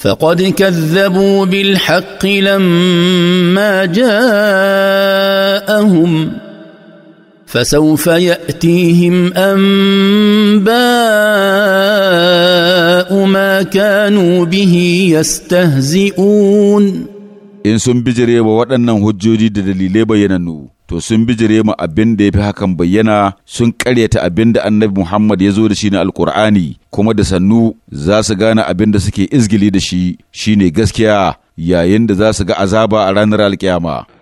فقد كذبوا بالحق لما جاءهم فسوف ياتيهم انباء ما كانوا به يستهزئون ان سن بجري وودنن حجوجي دليلي بيننوا to sun bijire mu abin da ya fi hakan bayyana sun karyata abin da annabi Muhammad ya zo da shi na alkur'ani kuma da sannu za su gane abin da suke izgili da shi shine gaskiya yayin da za su ga azaba a ranar alkiyama.